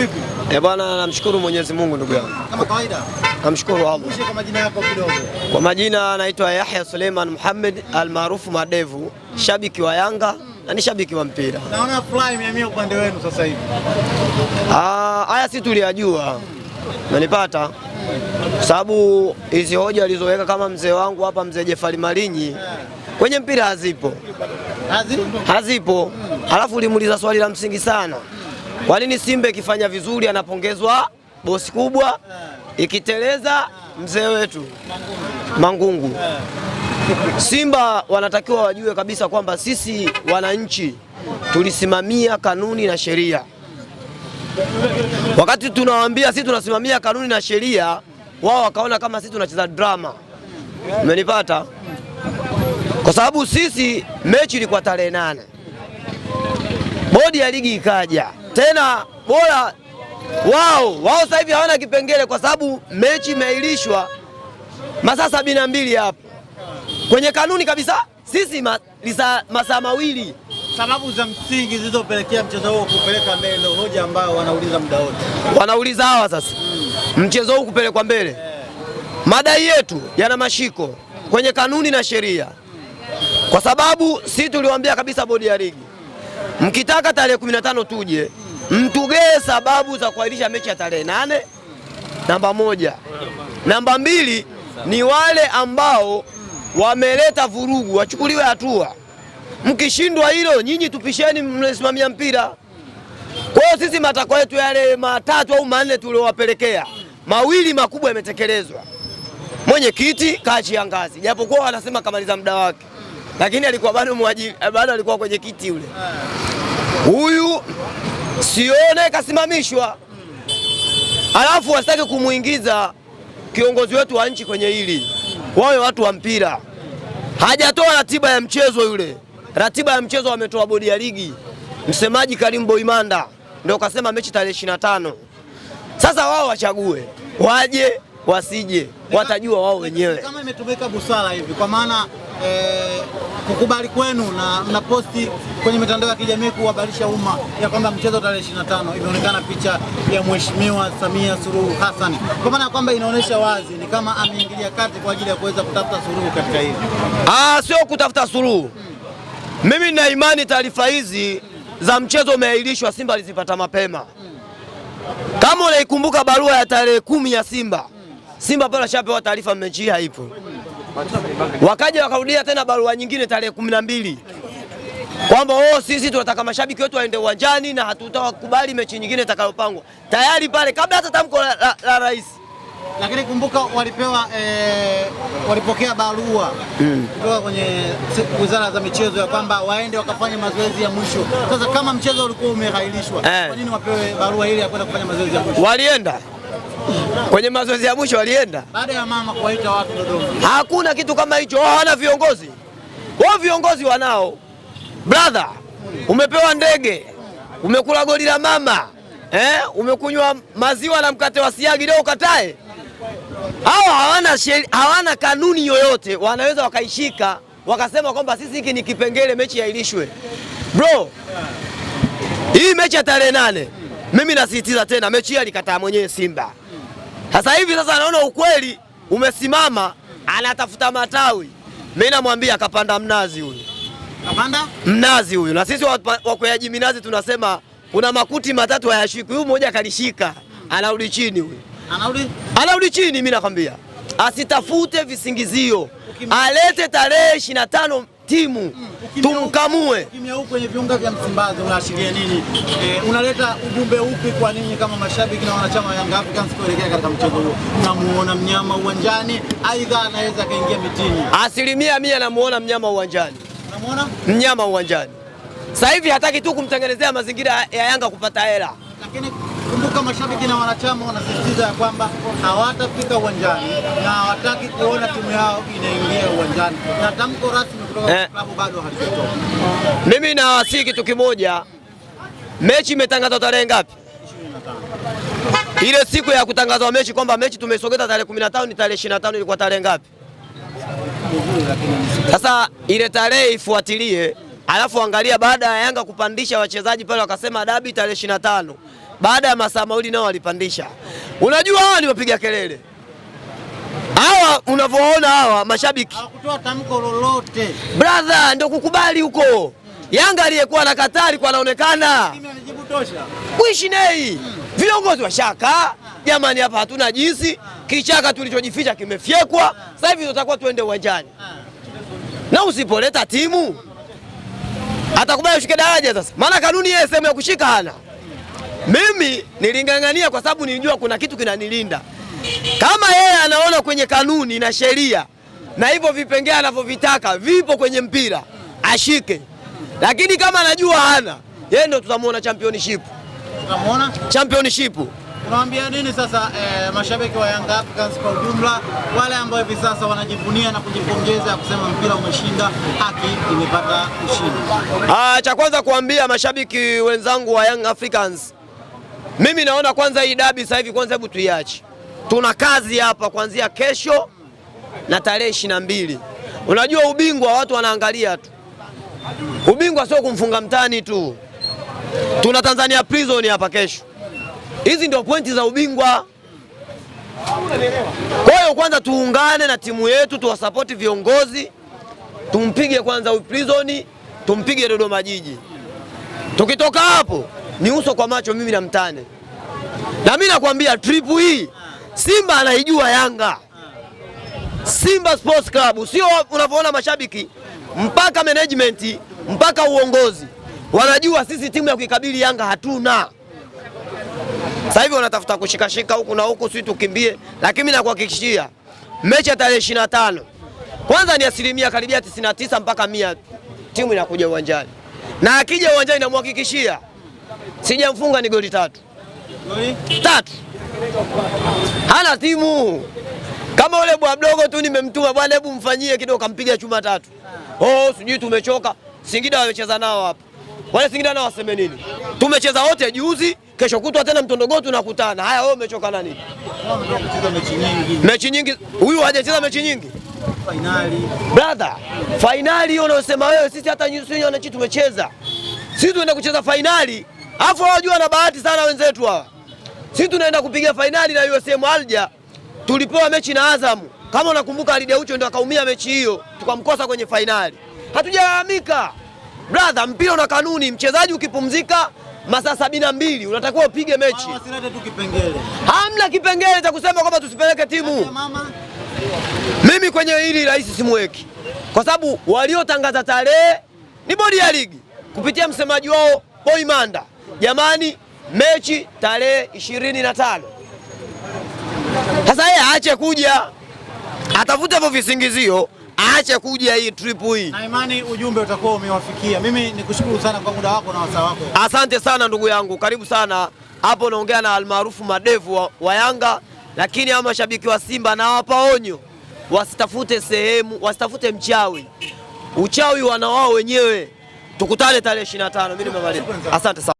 vipi? Eh, bwana namshukuru Mwenyezi Mungu ndugu yangu. Kama kawaida. Namshukuru Allah. Kwa majina yako kidogo. Kwa majina naitwa Yahya Suleiman Muhammad almaarufu Madevu, shabiki wa Yanga na ni shabiki wa mpira. Naona fly mia upande wenu sasa hivi. Ah, haya si tuliyajua. Nanipata sababu hizi hoja alizoweka kama mzee wangu hapa, mzee Jefali Malinyi kwenye mpira hazipo, hazipo. Alafu ulimuuliza swali la msingi sana kwa nini Simba ikifanya vizuri anapongezwa bosi kubwa, ikiteleza mzee wetu Mangungu? Simba wanatakiwa wajue kabisa kwamba sisi wananchi tulisimamia kanuni na sheria. Wakati tunawaambia sisi tunasimamia kanuni na sheria, wao wakaona kama sisi tunacheza drama. Umenipata? Kwa sababu sisi mechi ilikuwa tarehe nane, bodi ya ligi ikaja tena bora wao wao. Sasa hivi hawana kipengele kwa sababu mechi imeahirishwa masaa sabini na mbili hapo kwenye kanuni kabisa, sisi masaa mawili. Sababu za msingi zilizopelekea mchezo huo kupeleka mbele, hoja ambayo wanauliza muda wote, wanauliza hawa sasa, hmm. mchezo huu kupelekwa mbele yeah. madai yetu yana mashiko kwenye kanuni na sheria, kwa sababu si tuliwaambia kabisa bodi ya ligi, mkitaka tarehe 15 tuje mtugee sababu za kuahirisha mechi ya tarehe nane, namba moja. Namba mbili ni wale ambao wameleta vurugu wachukuliwe hatua. Mkishindwa hilo, nyinyi tupisheni, mnasimamia mpira. Kwa hiyo sisi matakwa yetu yale matatu au manne tuliowapelekea, mawili makubwa yametekelezwa. Mwenyekiti kaachia ngazi, japokuwa wanasema kamaliza muda wake, lakini alikuwa bado mwajiri, bado alikuwa kwenye kiti yule. Huyu sione kasimamishwa, alafu wasitaki kumwingiza kiongozi wetu wa nchi kwenye hili. Wawe watu wa mpira, hajatoa ratiba ya mchezo yule. Ratiba ya mchezo wametoa bodi ya ligi, msemaji Karim Boimanda ndio kasema mechi tarehe ishirini tano. Sasa wao wachague waje wasije, watajua wao wenyewe kama imetumika busara hivi, kwa maana eh kukubali kwenu na mnaposti kwenye mitandao ya kijamii kuhabarisha umma ya kwamba mchezo tarehe 25 imeonekana picha ya Mheshimiwa Samia Suluhu Hassan, kwa maana ya kwamba inaonyesha wazi ni kama ameingilia kati kwa ajili ya kuweza kutafuta suluhu katika hili. Ah, sio kutafuta suluhu hmm. Mimi nina imani taarifa hizi hmm. za mchezo umeahirishwa Simba alizipata mapema hmm. Kama unaikumbuka barua ya tarehe kumi ya Simba hmm. Simba pale ashapewa taarifa mechi hii haipo hmm. Wakaja wakarudia tena barua nyingine tarehe kumi na mbili kwamba oh, sisi tunataka mashabiki wetu waende uwanjani na hatutakubali mechi nyingine itakayopangwa tayari pale, kabla hata tamko la, la, la rais. Lakini kumbuka walipewa e, walipokea barua mm. kutoka mm, kwenye wizara za michezo ya kwamba waende wakafanye mazoezi ya mwisho. Sasa kama mchezo ulikuwa umehairishwa eh, kwa nini wapewe barua ile ya kwenda kufanya mazoezi ya mwisho? Walienda kwenye mazoezi ya mwisho walienda baada ya mama kuwaita watu Dodoma. Hakuna kitu kama hicho, wao hawana viongozi, wao viongozi wanao. Brother, umepewa ndege, umekula goli la mama eh, umekunywa maziwa na mkate wa siagi, leo ukatae? Hawa hawana hawana kanuni yoyote, wanaweza wakaishika wakasema kwamba sisi hiki ni kipengele, mechi yailishwe Bro, hii mechi ya tarehe nane, mimi nasisitiza tena, mechi hii alikataa mwenyewe Simba sasa hivi sasa anaona ukweli umesimama, anatafuta matawi. Mimi namwambia akapanda mnazi huyu, kapanda mnazi huyu. Na sisi wakweaji minazi tunasema kuna makuti matatu hayashiki, huyu mmoja akalishika, anarudi chini huyu, anarudi anarudi chini. Mimi nakwambia asitafute visingizio, alete tarehe ishirini na tano timu mm. tumkamue. Ukimya kwenye viunga vya Msimbazi unaashiria nini? Eh, unaleta ujumbe upi kwa ninyi kama mashabiki na wanachama wa Young Africans kuelekea katika mchezo huo? Unamuona mnyama uwanjani, aidha anaweza akaingia mitini? Asilimia mia namuona mnyama uwanjani. Unamuona mnyama uwanjani sasa hivi, hataki tu kumtengenezea mazingira ya Yanga kupata hela, lakini Toka mashabiki na wanachama wanasisitiza ya kwamba hawatafika uwanjani na hawataki kuona timu yao inaingia uwanjani na tamko rasmi kutoka eh, klabu bado halijatoka. Mimi nawasihi kitu kimoja, mechi imetangazwa tarehe ngapi? Ile siku ya kutangazwa mechi kwamba mechi tumesogeza tarehe 15 ni tarehe 25, ilikuwa tarehe ngapi? Sasa ile tarehe ifuatilie, alafu angalia baada ya Yanga kupandisha wachezaji pale wakasema dabi tarehe 25 baada ya masaa mawili nao walipandisha. Unajua hawa ni wapiga kelele hawa, unavyoona hawa mashabiki hawakutoa tamko lolote, brother, ndio kukubali huko Yanga aliyekuwa na katari kwa anaonekana kuishinei viongozi wa shaka jamani, hapa hatuna jinsi, kichaka tulichojificha kimefyekwa. Sasa hivi tutakuwa tuende uwanjani, na usipoleta timu atakubali ushike daraja sasa, maana kanuni yeye sehemu ya kushika hana. Mimi niling'ang'ania kwa sababu nilijua kuna kitu kinanilinda. Kama yeye anaona kwenye kanuni na sheria na hivyo vipengee anavyovitaka vipo kwenye mpira ashike, lakini kama anajua hana yeye, ndio tutamwona championship. Tutamuona championship. Unawaambia nini sasa eh, mashabiki wa Young Africans kwa ujumla, wale ambao hivi sasa wanajivunia na kujipongeza kusema mpira umeshinda, haki imepata ushindi? Ah, cha kwanza kuambia mashabiki wenzangu wa Young Africans mimi naona kwanza hii dabi sasa hivi kwanza, hebu tuiache. Tuna kazi hapa kuanzia kesho na tarehe ishirini na mbili. Unajua ubingwa watu wanaangalia tu, ubingwa sio kumfunga mtani tu. Tuna Tanzania Prison hapa kesho, hizi ndio pointi za ubingwa. Kwa hiyo kwanza tuungane na timu yetu, tuwasapoti viongozi, tumpige kwanza Prison, tumpige Dodoma Jiji. Tukitoka hapo ni uso kwa macho, mimi na mtane. Na mimi nakwambia tripu hii Simba anaijua Yanga. Simba Sports Club sio unavyoona mashabiki, mpaka management, mpaka uongozi wanajua sisi timu ya kuikabili Yanga hatuna. Sasa hivi wanatafuta kushikashika huku na huku, sisi tukimbie, lakini mimi nakuhakikishia mechi ya tarehe 25 na tano kwanza ni asilimia karibia 99 mpaka mia timu inakuja uwanjani, na akija uwanjani namuhakikishia sijamfunga ni goli tatu tatu. Hana timu kama ule bwa mdogo tu, nimemtuma bwana, hebu mfanyie kidogo, kampiga chuma tatu. Oh, sijui tumechoka. Singida wamecheza nao hapa, wale Singida nao waseme nini? Tumecheza wote juzi, kesho kutwa tena mtondogo tunakutana. Haya, wewe umechoka na nini? Mechi nyingi huyu hajacheza mechi nyingi Finali. Brother, finali hiyo unayosema wewe, sisi hata nyusi wanachi tumecheza, sisi tunaenda kucheza finali Alafu wajua na bahati sana wenzetu hawa. Sisi tunaenda kupiga fainali na USM Alja. Tulipewa mechi na Azamu. Kama unakumbuka Alida Ucho ndio akaumia mechi hiyo, tukamkosa kwenye fainali. Hatujalalamika. Brother, mpira una kanuni, mchezaji ukipumzika masaa sabini na mbili unatakiwa upige mechi. Hamna kipengele cha kusema kwamba tusipeleke timu. Mimi kwenye hili rais simweki, kwa sababu waliotangaza tarehe ni bodi ya ligi kupitia msemaji wao Boimanda jamani, mechi tarehe ishirini na tano. Sasa yeye aache kuja, atafute hivyo visingizio, aache kuja hii trip hii. Na imani ujumbe utakuwa umewafikia. Mimi nikushukuru sana kwa muda wako na wasaa wako. Asante sana ndugu yangu, karibu sana hapo. Naongea na almaarufu madevu wa, wa Yanga, lakini hao mashabiki wa Simba nawapa onyo, wasitafute sehemu, wasitafute mchawi. Uchawi wana wao wenyewe. Tukutane tarehe 25. Mimi nimemaliza. Asante sana.